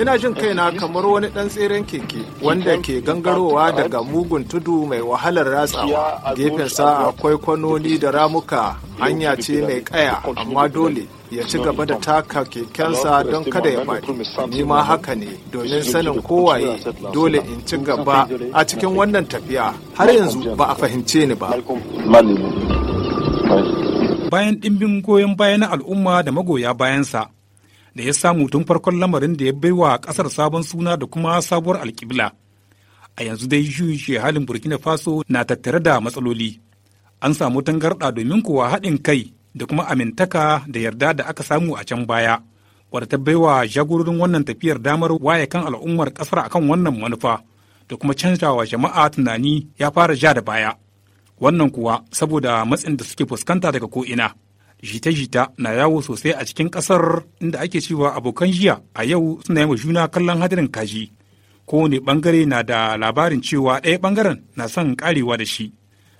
Ina jin kaina kamar wani ɗan tseren keke wanda ke gangarowa daga mugun tudu mai wahalar ratsawa. sa akwai kwanoni da ramuka hanya ce mai kaya amma dole ya ci gaba da taka kekensa don kada ya faɗi. Ni ma haka ne domin sanin kowaye dole in ci gaba a cikin wannan tafiya har yanzu ba a fahimce ni ba. bayan dimbin goyon baya na al'umma da magoya bayansa da ya samu tun farkon lamarin da ya baiwa ƙasar sabon suna da kuma sabuwar alkibla A yanzu dai juyin halin Burkina Faso na tattare da matsaloli. An samu tangarɗa domin kuwa haɗin kai da kuma amintaka da yarda da aka samu a can baya. Wadda ta baiwa jagororin wannan tafiyar damar waye kan al'ummar ƙasar akan wannan manufa da kuma canzawa jama'a tunani ya fara ja da baya. Wannan kuwa saboda matsin da suke fuskanta daga ko'ina. jita-jita na yawo sosai a cikin kasar inda ake cewa abokan jiya a yau suna yi juna kallon hadarin kaji kowane bangare na da labarin cewa ɗaya bangaren na son karewa da shi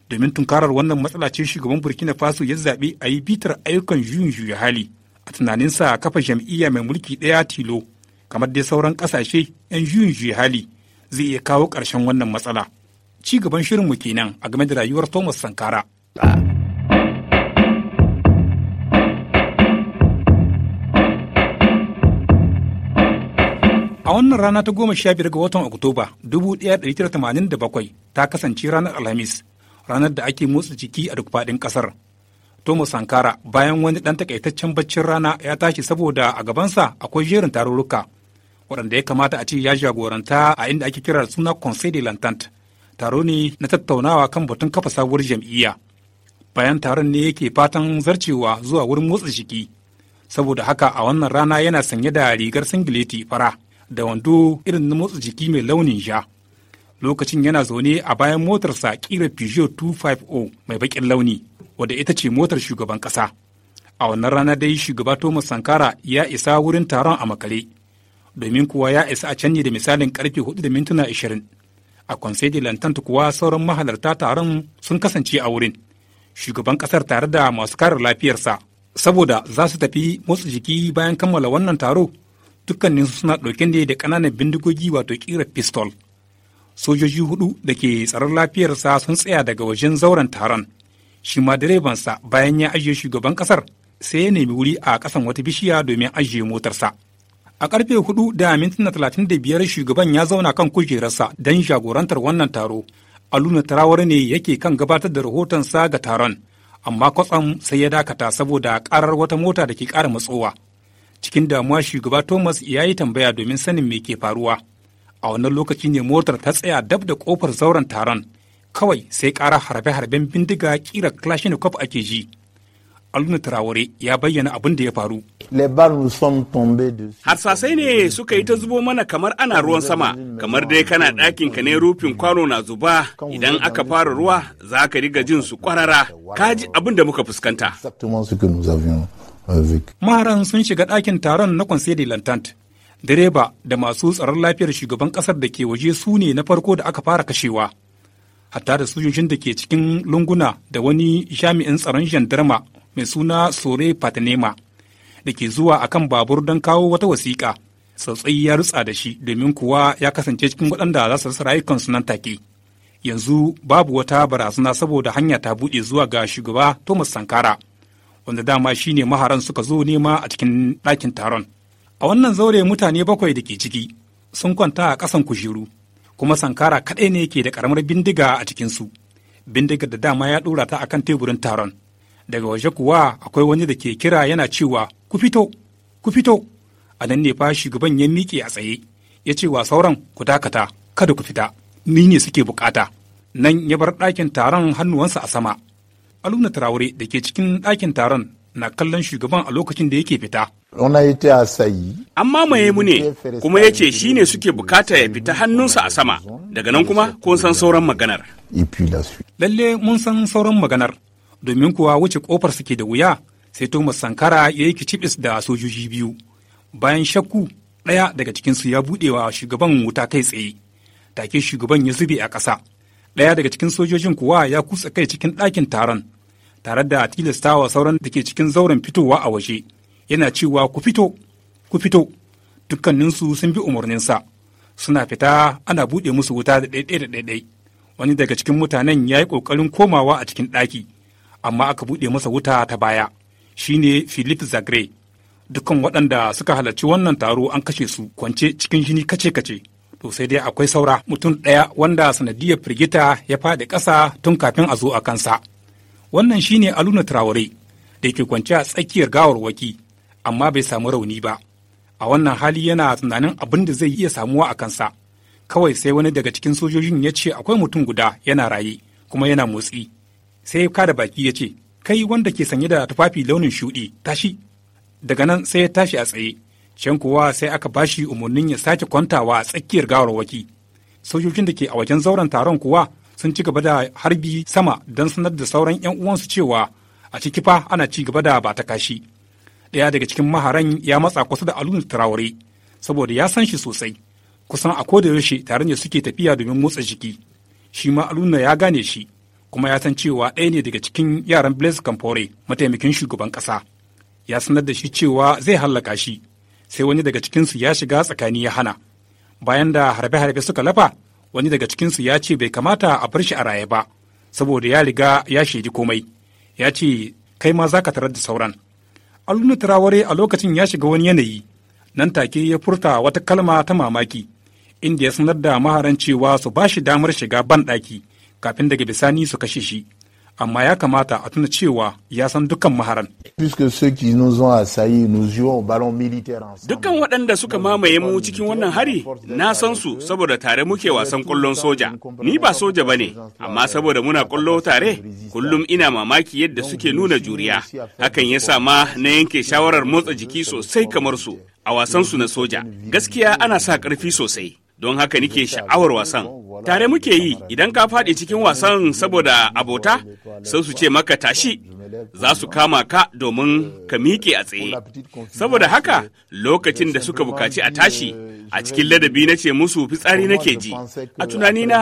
domin tunkarar wannan matsala ce shugaban burkina faso ya zaɓi a yi bitar ayyukan juyin juya hali a tunaninsa kafa jam'iyya mai mulki ɗaya tilo kamar dai sauran ƙasashe 'yan juyin juya hali zai iya kawo ƙarshen wannan matsala ci gaban shirin mu kenan a game da rayuwar thomas sankara ah. A wannan rana ta goma sha biyar ga watan Oktoba dubu da bakwai ta kasance ranar Alhamis, ranar da ake motsa jiki a duk faɗin ƙasar. Thomas Sankara bayan wani ɗan takaitaccen baccin rana ya tashi saboda a gabansa akwai jerin tarurruka waɗanda ya kamata a ce ya jagoranta a inda ake kira suna Conseil de l'Entente. Taro ne na tattaunawa kan batun kafa sabuwar jam'iyya. Bayan taron ne yake fatan zarcewa zuwa wurin motsa jiki. Saboda haka a wannan rana yana sanye da rigar singileti fara. da wando irin na motsa jiki mai launin ja lokacin yana zaune a bayan motarsa kira Peugeot 250 mai baƙin launi wadda ita ce motar shugaban ƙasa. A wannan rana dai shugaba Thomas Sankara ya isa wurin taron a makare, domin kuwa ya isa a canji da misalin karfe 4 da mintuna 20. A Conseil Lantanta kuwa sauran mahalarta taron sun kasance a wurin. Shugaban ƙasar tare da masu kare lafiyarsa, saboda za su tafi motsa jiki bayan kammala wannan taro su suna ɗauke ne da ƙananan bindigogi wato ƙirar pistol sojoji hudu da ke tsaron lafiyarsa sun tsaya daga wajen zauren taron shi ma direbansa bayan ya ajiye shugaban ƙasar sai ya nemi wuri a ƙasan wata bishiya domin ajiye motarsa a ƙarfe hudu da mintuna talatin da biyar shugaban ya zauna kan kujerarsa don jagorantar wannan taro aluna tarawar ne yake kan gabatar da rahotonsa ga taron amma kwatsam sai ya dakata saboda karar wata mota da ke ƙara matsowa cikin damuwa shugaba thomas ya yi tambaya domin sanin me ke faruwa a wannan lokaci ne motar ta tsaya dab da kofar zauren taron kawai sai kara harbe-harben bindiga kira kalashnikov ake ji aluna turawure ya bayyana abin da ya faru harsasai ne suka yi ta zubo mana kamar ana ruwan sama kamar dai kana ɗakin ka ne rufin kwano na zuba idan aka fara ruwa za ka riga jin su kwarara ka ji abin da muka fuskanta Maharan sun shiga ɗakin taron na Conseil de l'Entente. Direba da masu tsaron lafiyar shugaban ƙasar da ke waje su ne na farko da aka fara kashewa. Hatta da sojojin da ke cikin lunguna da wani jami'in tsaron gendarma mai suna Sore Patanema da ke zuwa a kan babur don kawo wata wasiƙa. Tsautsayi ya rutsa da shi domin kuwa ya kasance cikin waɗanda za su rasa rayukansu nan take. Yanzu babu wata barazana saboda hanya ta buɗe zuwa ga shugaba Thomas Sankara. wanda dama shi ne maharan suka zo nema a cikin ɗakin taron. A wannan zaure mutane bakwai da ke ciki sun kwanta a ƙasan kujeru, kuma sankara kaɗai ne ke da ƙaramar bindiga a cikinsu. Bindigar da dama ya ɗora ta kan teburin taron. Daga waje kuwa akwai wani da ke kira yana cewa ku fito, ku fito. A nan ne fa shugaban ya miƙe a tsaye, ya ce wa sauran ku dakata, kada ku fita, ni ne suke bukata. Nan ya bar ɗakin taron hannuwansa a sama. Aluna Traore da ke cikin ɗakin taron na kallon shugaban a lokacin da yake fita. An mamaye mu ne kuma ya ce shi ne suke bukata ya fita hannunsa a sama daga nan kuma kun san sauran maganar. Lalle mun san sauran maganar domin kuwa wuce kofar suke da wuya sai Thomas Sankara ya yi kicibis da sojoji biyu bayan shakku ɗaya daga cikinsu ya buɗewa shugaban wuta kai tsaye take shugaban ya zube a ƙasa ɗaya daga cikin sojojin kuwa ya kusa kai cikin ɗakin taron tare da tilastawa sauran da ke cikin zauren fitowa a waje yana cewa ku fito ku fito dukkaninsu sun bi umarninsa suna fita ana buɗe musu wuta da ɗaiɗai da ɗaiɗai wani daga cikin mutanen ya yi ƙoƙarin komawa a cikin ɗaki amma aka buɗe masa wuta ta baya shine philip zagre dukkan waɗanda suka halarci wannan taro an kashe su kwance cikin jini kace-kace to sai dai akwai saura mutum ɗaya wanda sanadiyar firgita ya faɗi ƙasa tun kafin a zo a kansa wannan shi ne aluna traore da ke kwance a tsakiyar gawarwaki amma bai samu rauni ba a wannan hali yana tunanin abin da zai iya samuwa a kansa kawai sai wani daga cikin sojojin ya ce akwai mutum guda yana raye kuma yana motsi sai ya kada baki ya ce kai wanda ke sanye da tufafi launin shuɗi tashi daga nan sai ya tashi a tsaye can kuwa sai aka bashi umarnin ya sake kwantawa a tsakiyar gawarwaki sojojin da ke a wajen zauren taron kuwa sun ci gaba da harbi sama don sanar da sauran 'yan uwansu cewa a ciki fa ana ci gaba da ba ta kashi. Ɗaya daga cikin maharan ya matsa kusa da alun taraware saboda ya san shi sosai kusan a koda yaushe tare ne suke tafiya domin motsa jiki. Shi ma aluna ya gane shi kuma ya san cewa ɗaya ne daga cikin yaran Blaise kamfore mataimakin shugaban ƙasa. Ya sanar da shi cewa zai hallaka shi sai wani daga cikinsu ya shiga tsakani ya hana. Bayan da harbe-harbe suka lafa wani daga cikinsu ya ce bai kamata a bar shi a raye ba saboda ya riga ya shaidi komai ya ce kai ma za ka tarar da sauran alunu turaware a lokacin ya shiga wani yanayi nan take ya furta wata kalma ta mamaki inda ya sanar da maharan cewa su ba shi damar shiga ban ɗaki kafin daga bisani su kashe shi amma ya kamata a tuna cewa ya san dukkan maharan. Dukkan waɗanda suka mamaye mu cikin wannan hari na san su saboda tare muke wasan ƙwallon soja. Ni ba soja ba ne, amma saboda muna ƙwallo tare, kullum ina mamaki yadda suke nuna juriya. Hakan ya sa ma na yanke shawarar motsa jiki sosai kamar su a wasan su na soja. Gaskiya ana sa ƙarfi sosai. don haka nike sha'awar wasan. Tare muke yi idan ka faɗi cikin wasan saboda abota, sai su ce maka tashi za su kama ka domin ka miƙe a tsaye. Saboda haka lokacin da suka bukaci a tashi a cikin ladabi na ce musu fitsari nake ji. A tunanina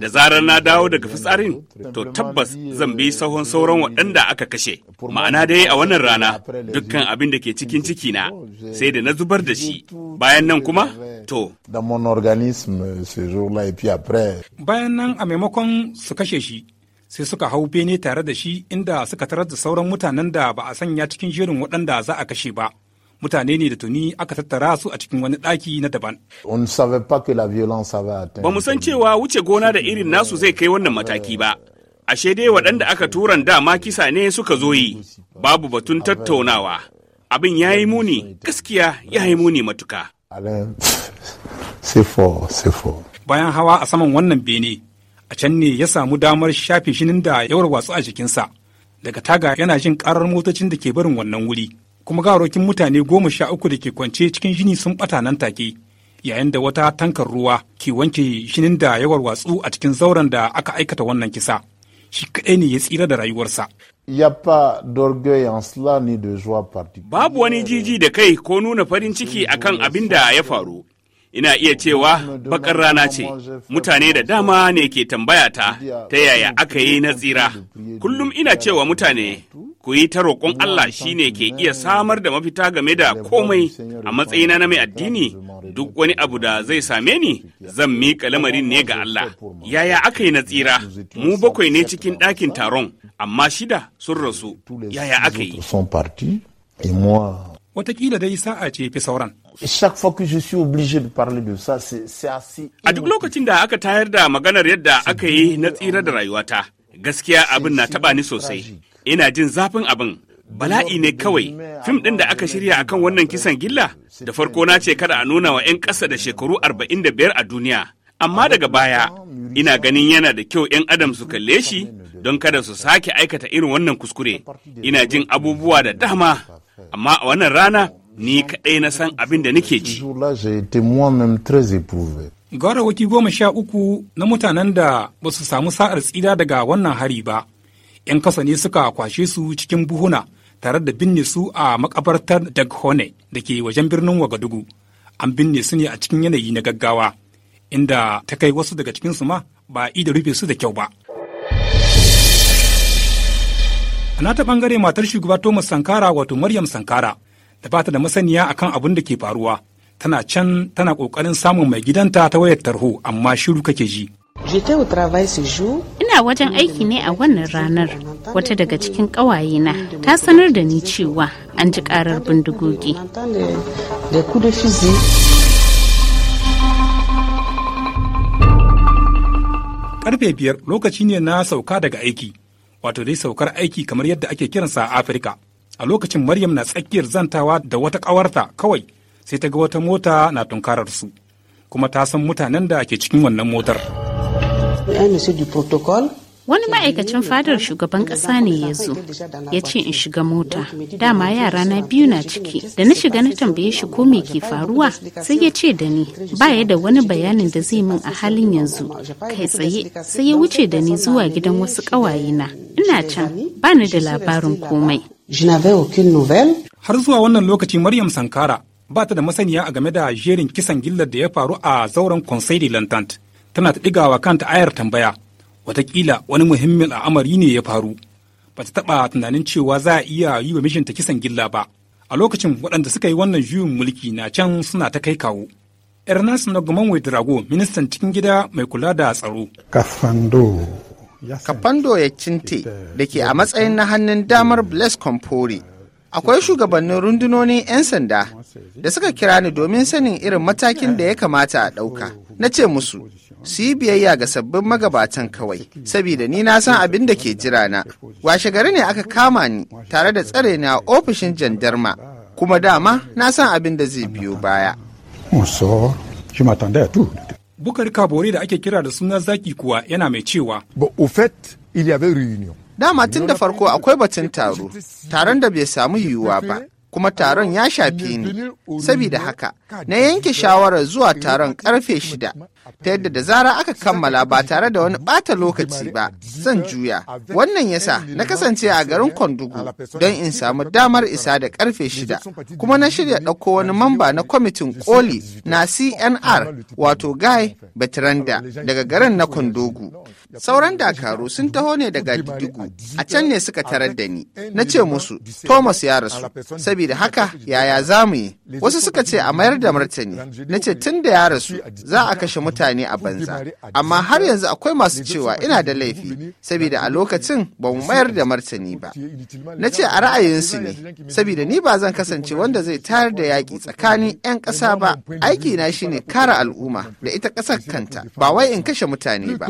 da zarar na dawo daga fitsarin to tabbas zan bi sahon sauran waɗanda aka kashe. Ma'ana dai a wannan rana dukkan abin da ke cikin ciki na sai da na zubar da shi. Bayan nan kuma to. Bayan nan a maimakon su kashe shi sai suka hau bene tare da shi inda suka tarar da sauran mutanen da ba a sanya cikin jerin waɗanda za a kashe ba. mutane ne da tuni aka tattara su a cikin wani ɗaki na daban. Ba mu san cewa wuce gona da irin nasu zai kai wannan mataki ba. Ashe dai waɗanda aka turan dama kisa ne suka zo yi, babu batun tattaunawa. Abin ya yi muni, gaskiya ya yi muni matuka. Bayan hawa a saman wannan bene, a can ne ya samu damar shafe shinin da yawar watsu a jikinsa daga taga yana jin karar motocin da ke barin wannan wuri kuma garokin mutane goma sha uku da ke kwance cikin shini sun bata nan take yayin da wata tankar ruwa ke wanke shinin da yawar watsu a cikin zauren da aka aikata wannan kisa shi kaɗai ne ya tsira da rayuwarsa Babu wani jiji da kai ko nuna farin ciki akan abin da ya faru. Ina iya cewa bakar rana ce, mutane da dama ne ke tambaya ta ta yaya aka yi na tsira. Kullum ina cewa mutane ku yi ta roƙon Allah shi ne ke iya samar da mafita game da komai a matsayina na mai addini duk wani abu da zai same ni zan miƙa lamarin ne ga Allah. Yaya aka yi na tsira? Mu bakwai ne cikin ɗakin taron, amma shida sun rasu. Yaya aka yi? Watakila dai sa'a ce fi sauran. Chaque fois que je suis obligé de parler de ça, c'est assez. A duk lokacin da aka tayar da maganar yadda aka yi na tsira da rayuwata, gaskiya abin na taba ni sosai. Ina jin zafin abin. Bala'i ne kawai, fim ɗin da aka shirya akan wannan kisan gilla, da farko na ce kada a nuna wa 'yan ƙasa da shekaru 45 a duniya, amma daga baya ina ganin yana da kyau 'yan adam su kalle shi don kada su sake aikata irin wannan kuskure ina jin abubuwa da dama amma a wannan rana ni kaɗai na san abin da nake ji. Gawarwaki goma sha uku na mutanen da ba su samu sa'ar tsira daga wannan hari ba, ‘yan kasa ne suka kwashe su cikin buhuna tare da binne su a makabartar Daghone da ke wajen birnin Wagadugu. An binne su ne a cikin yanayi na gaggawa, inda ta kai wasu daga cikinsu ma ba a da rufe su da kyau ba. A nata ɓangare matar shugaba Thomas Sankara wato Maryam Sankara da bata da masaniya a kan abin da ke faruwa tana can tana ƙoƙarin samun mai gidanta ta wayar tarho amma shiru kake ji ina wajen aiki ne a wannan ranar wata daga cikin ƙawayena ta sanar da ni cewa an ji ƙarar bindigogi karfe biyar lokaci ne na sauka daga aiki wato dai saukar aiki kamar yadda ake kiransa a afirka a lokacin maryam na tsakiyar zantawa da wata ƙawarta kawai sai ta ga wata mota na tunkarar su kuma ta san mutanen da ke cikin wannan motar wani ma'aikacin fadar shugaban ƙasa ne ya zo ya ce in shiga mota dama yara na biyu na ciki da na shiga na tambaye shi ko me ke faruwa sai ya ce da ni ba ya da wani bayanin da zai min a halin yanzu kai tsaye sai ya wuce da ni zuwa gidan wasu ƙawayena ina can ba ni da labarin komai Je n'avais aucune nouvelle. Har zuwa wannan lokaci Maryam Sankara ba ta da masaniya a game da jerin kisan gillar da ya faru a zauren Conseil de l'Entente. Tana ta wa kanta ayar tambaya. Wataƙila wani muhimmin al'amari ne ya faru. Ba ta taɓa tunanin cewa za a iya yi wa mijinta kisan gilla ba. A lokacin waɗanda suka yi wannan juyin mulki na can suna ta kai kawo. Ernest Nogoman drago ministan cikin gida mai kula da tsaro. Kafando Kafando ya cinte da ke a matsayin na hannun damar mm. Blaise Compaore. Akwai shugabannin rundunonin 'yan sanda da suka kira ni domin sanin irin matakin da ya kamata a ɗauka. Na ce musu, su yi biyayya ga sabbin magabatan kawai, saboda ni na san abin da ke jira na. Washe gari ne aka kama ni tare da tsare na ofishin jandarma, kuma dama na san abin da zai biyo baya. Bukari Kabore da ake kira da sunan zaki kuwa yana mai cewa. Ba ofet Dama tun da farko akwai batun taro, taron da bai samu yiwuwa ba, kuma taron ya shafi ni. Sabida haka, na yanke shawarar zuwa taron karfe shida ta yadda da zara aka kammala ba tare da wani bata lokaci ba zan juya wannan yasa na kasance a garin Kwandugu don in samu damar isa da karfe shida kuma na shirya ɗauko wani mamba na kwamitin koli na cnr wato guy betranda daga garin na Kwandugu. sauran dakaru sun taho ne daga didigu a can ne suka tarar da ni na ce musu thomas ya rasu saboda haka yaya za mu yi wasu suka ce a mayar da martani na ce tun da ya rasu za a kashe mutane mutane a banza amma har yanzu akwai masu cewa ina da laifi saboda a lokacin ba mu mayar da martani ba na ce a ra'ayinsu ne saboda ni ba zan kasance wanda zai tayar da yaƙi tsakanin 'yan ƙasa ba aiki na shine kare al'umma da ita ƙasar kanta ba wai in kashe mutane ba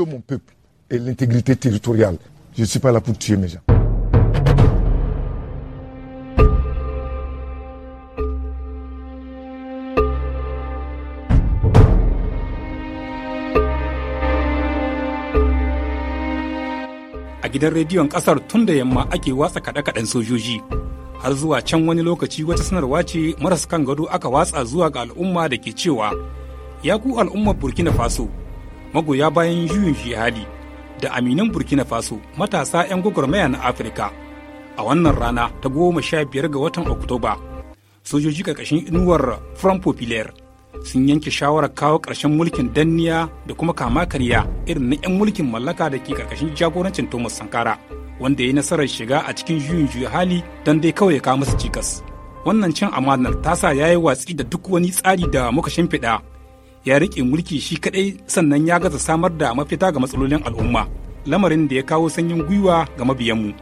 a gidan rediyon kasar tun da yamma ake watsa kaɗe-kaɗen sojoji har zuwa can wani lokaci wata sanarwa ce maras kan gado aka watsa zuwa ga al'umma da ke cewa ya ku al'ummar burkina faso magoya bayan juyin jihali da aminan burkina faso matasa 'yan gwagwarmaya na afirka a wannan rana ta goma sha biyar ga watan oktoba sojoji ƙarƙashin inuwar front populaire sun yanke shawarar kawo ƙarshen mulkin danniya da kuma kama karya irin na 'yan mulkin mallaka da ke ƙarƙashin jagorancin Thomas Sankara, wanda ya yi nasarar shiga a cikin juyin juya hali don dai kawai ya kawo musu cikas. Wannan cin amanar ta sa ya yi watsi da duk wani tsari da muka shimfiɗa. Ya riƙe mulki shi kaɗai sannan ya gaza samar da mafita ga matsalolin al'umma, lamarin da ya kawo sanyin gwiwa ga mabiyanmu.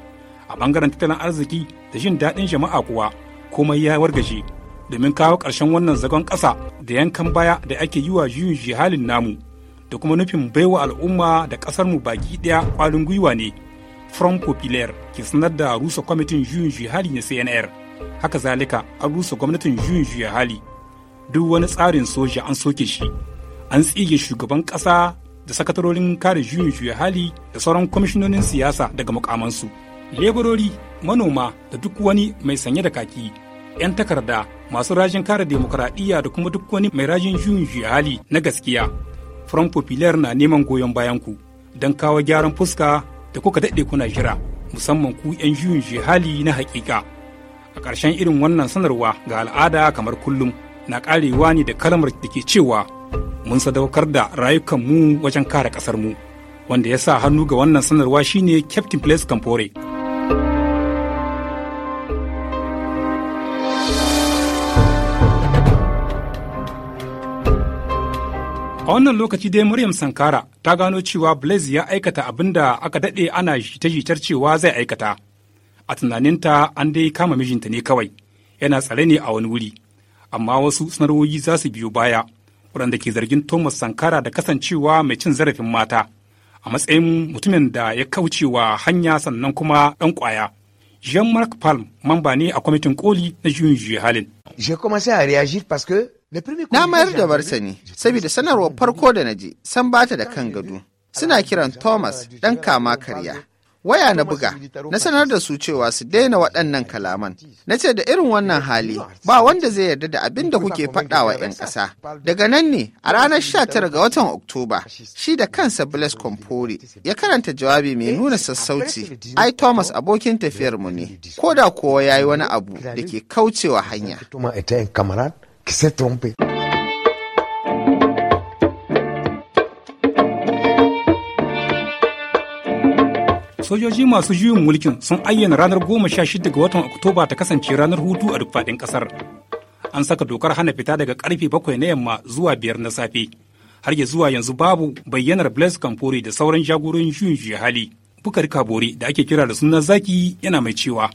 A ɓangaren tattalin arziki da jin daɗin jama'a kuwa, komai ya wargaje domin kawo ƙarshen wannan zagon ƙasa da yankan baya da ake yi wa juyin jihalin namu da kuma nufin baiwa al'umma da ƙasarmu baki ɗaya ƙwarin gwiwa ne from popular ke sanar da rusa kwamitin juyin jihali na cnr haka zalika an rusa gwamnatin juyin jihali duk wani tsarin soja an soke shi an tsige shugaban ƙasa da sakatarorin kare juyin jihali da sauran kwamishinonin siyasa daga mukamansu leburori manoma da duk wani mai sanye da kaki 'yan takarda masu rajin kare demokuraɗiyya da kuma duk wani mai rajin juyin hali na gaskiya front popular na neman goyon bayanku don kawo gyaran fuska da kuka daɗe kuna jira musamman ku 'yan juyin hali na hakika a ƙarshen irin wannan sanarwa ga al'ada kamar kullum na ƙarewa ne da kalmar da ke cewa mun sadaukar da rayukanmu wajen kare ƙasarmu wanda ya sa hannu ga wannan sanarwa shine captain place campore A wannan lokaci dai Maryam Sankara ta gano cewa blaise ya aikata abin da aka daɗe ana shita shitar cewa zai aikata. A tunaninta an dai kama mijinta ne kawai, yana tsare ne a wani wuri. Amma wasu sanarwoyi za su biyo baya, waɗanda ke zargin Thomas Sankara da kasancewa mai cin zarafin mata, a matsayin mutumin da ya kaucewa hanya sannan kuma ɗan ƙwaya. Jean-Marc Palm mamba ne a kwamitin koli na juyin juya halin. Je commencé à réagir parce que Na mayar da martani, saboda sanarwar farko da na ji, san bata da kan gado. Suna kiran Thomas ɗan kama karya. Waya na buga, na sanar da su cewa su daina waɗannan kalaman. Na ce da irin wannan hali, ba wanda zai yarda da abin da kuke faɗa wa 'yan ƙasa. Daga nan ne, a ranar 19 ga watan Oktoba, shi da kansa Blaise Compaore ya karanta jawabi mai nuna sassauci, ai Thomas abokin tafiyarmu ne, ko da kowa ya yi wani abu da ke kaucewa hanya. que se trompe. sojoji masu juyin mulkin sun ayyana ranar goma sha shida ga watan oktoba ta kasance ranar hutu a duk faɗin ƙasar an saka dokar hana fita daga karfe bakwai na yamma zuwa biyar na safe har ya zuwa yanzu babu bayyanar blaise kamfori da sauran jagororin juyin hali Fukar Kabore da ake kira da sunan zaki yana mai cewa.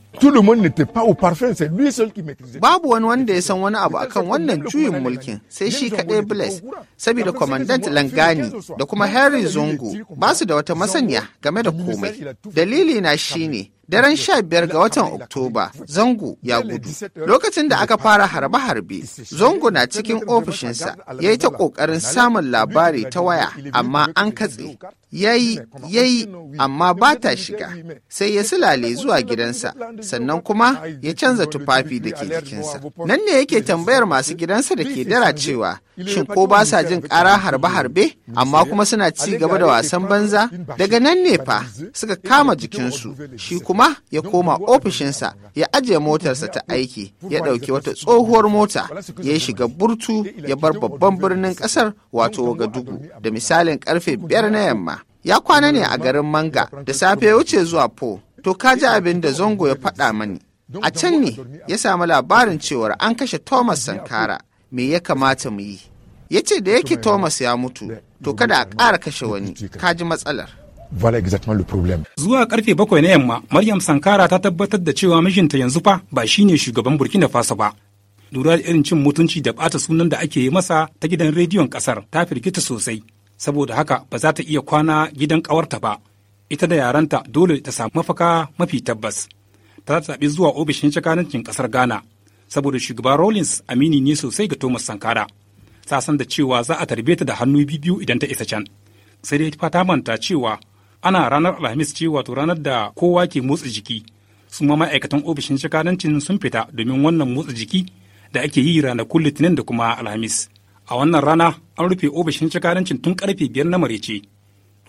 Babu wani wanda ya san wani abu akan wannan juyin mulkin sai shi kaɗai Bless, saboda Commandant Langani da kuma Harry Zongo ba su da wata masaniya game da komai. Dalili na shine Daren sha biyar ga watan Oktoba, Zango ya gudu. Lokacin da aka fara harbe-harbe, Zango na cikin ofishinsa ya yi ta ƙoƙarin samun labari ta waya, amma an katse. Yayi, yayi, amma ba ta shiga. Sai ya silale zuwa gidansa, sannan kuma ya canza tufafi da ke jikinsa. Nan ne yake tambayar masu gidansa da ke dara cewa, shin ko ba sa jin ƙara harbe-harbe, amma kuma suna ci gaba da wasan banza? Daga nan ne fa suka kama jikinsu, shi kuma kuma ya koma ofishinsa ya ajiye motarsa ta aiki ya ɗauki wata tsohuwar mota ya yi shiga burtu ya bar babban birnin ƙasar wato ga dugu da misalin karfe biyar na yamma ya kwana ne a garin manga da safe ya wuce zuwa po to ka ji abin da zongo ya faɗa mani a can ne ya samu labarin cewar an kashe thomas sankara me ya kamata mu yi ya ce da yake thomas ya mutu to kada a ƙara kashe wani ka ji matsalar Voilà exactement le problème. Zuwa karfe bakwai na yamma, Maryam Sankara ta tabbatar da cewa mijinta yanzu fa ba shi ne shugaban Burkina Faso ba. Lura da irin cin mutunci da bata sunan da ake yi masa ta gidan rediyon kasar ta firgita sosai, saboda haka ba za ta iya kwana gidan kawarta ba. Ita da yaranta dole ta samu mafaka mafi tabbas. Ta zaɓi zuwa ofishin cakanancin kasar Ghana, saboda shugaba Rawlings amini ne sosai ga Thomas Sankara. Ta san da cewa za a tarbe ta da hannu biyu idan ta isa can. Sai dai ta manta cewa ana ranar alhamis ce wato ranar da kowa ke motsa jiki su ma ma'aikatan ofishin shakadancin sun fita domin wannan motsa jiki da ake yi ranakun litinin da kuma alhamis a wannan rana an rufe ofishin shakadancin tun karfe biyar na marece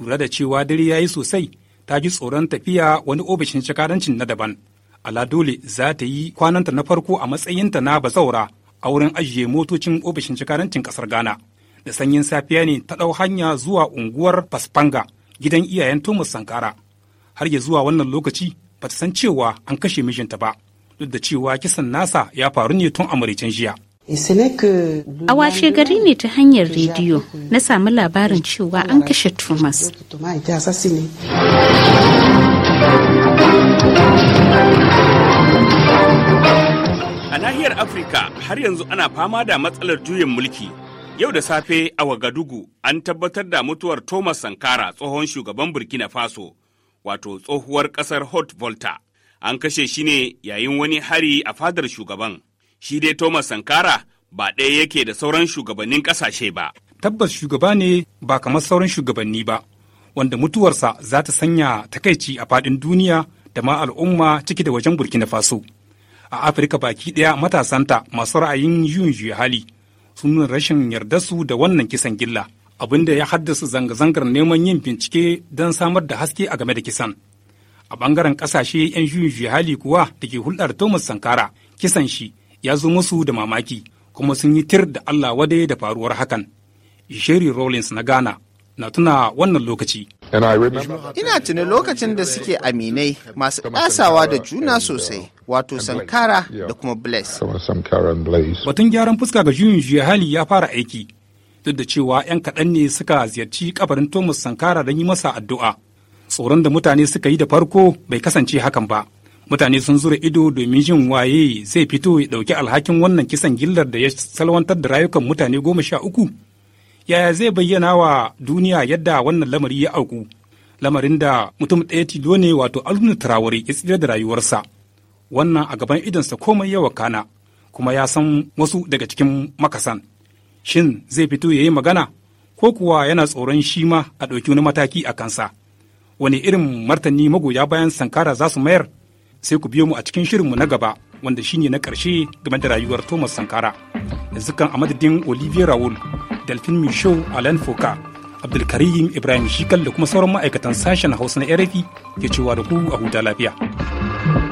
lura da cewa dare ya yi sosai ta ji tsoron tafiya wani ofishin shakadancin na daban ala dole za ta yi kwananta na farko a matsayinta na bazaura a wurin ajiye motocin ofishin shakadancin kasar ghana da sanyin safiya ne ta ɗau hanya zuwa unguwar paspanga. gidan iyayen Thomas Sankara. Har ya zuwa wannan lokaci ba ta san cewa an kashe mijinta ba, duk da cewa kisan nasa ya faru ne tun amuricen jiya. A washe gari ne ta hanyar rediyo na sami labarin cewa an kashe Thomas. A nahiyar Afirka har yanzu ana fama da matsalar juyin mulki Yau da safe a Wagadugu an tabbatar da mutuwar Thomas Sankara tsohon shugaban Burkina Faso, wato tsohuwar ƙasar Hot Volta. An kashe shi ne yayin wani hari a fadar shugaban. Shi dai Thomas Sankara ba ɗaya yake da sauran shugabannin ƙasashe ba. Tabbas shugaba ne ba kamar sauran shugabanni ba, wanda mutuwarsa za ta sanya takaici a faɗin duniya da ma al'umma ciki da wajen Burkina Faso. A Afirka baki ɗaya matasanta masu ra'ayin yin hali. sun nuna rashin su da wannan kisan gilla abin da ya haddasa zanga-zangar neman yin bincike don samar da haske a game da kisan a bangaren kasashe 'yan juyin hali kuwa da ke hulɗar thomas sankara kisan shi ya zo musu da mamaki kuma sun yi tir da allah wadai da faruwar hakan shiri rollins na Ghana na tuna wannan lokaci. Ina tuni lokacin da suke aminai masu ɗasawa da juna sosai, wato Sankara da kuma Blaise. Batun gyaran fuska ga juyin juya hali ya fara aiki, duk da cewa 'yan kaɗan ne suka ziyarci kabarin Thomas Sankara don yi masa addu'a. Tsoron da mutane suka yi da farko bai kasance hakan ba. Mutane sun zura ido domin jin waye zai fito ya ɗauki alhakin wannan kisan gillar da ya salwantar da rayukan mutane goma sha uku. yaya zai bayyana wa duniya yadda wannan lamari ya auku lamarin da mutum ɗaya tilo ne wato alunu turawari ya tsira da rayuwarsa wannan a gaban idonsa komai yawa kana kuma ya san wasu daga cikin makasan shin zai fito ya yi magana ko kuwa yana tsoron shi ma a ɗauki wani mataki a kansa wani irin martani magoya bayan sankara za su mayar sai ku biyo mu a cikin shirinmu na gaba wanda shine na ƙarshe game da rayuwar Thomas Sankara. Yanzu kan a madadin Olivier Raoul, Delphine Michaud, Alain Foka, Abdulkarim Ibrahim Shikal da kuma sauran ma'aikatan sashen Hausa na RFI ke cewa da ku a huta lafiya.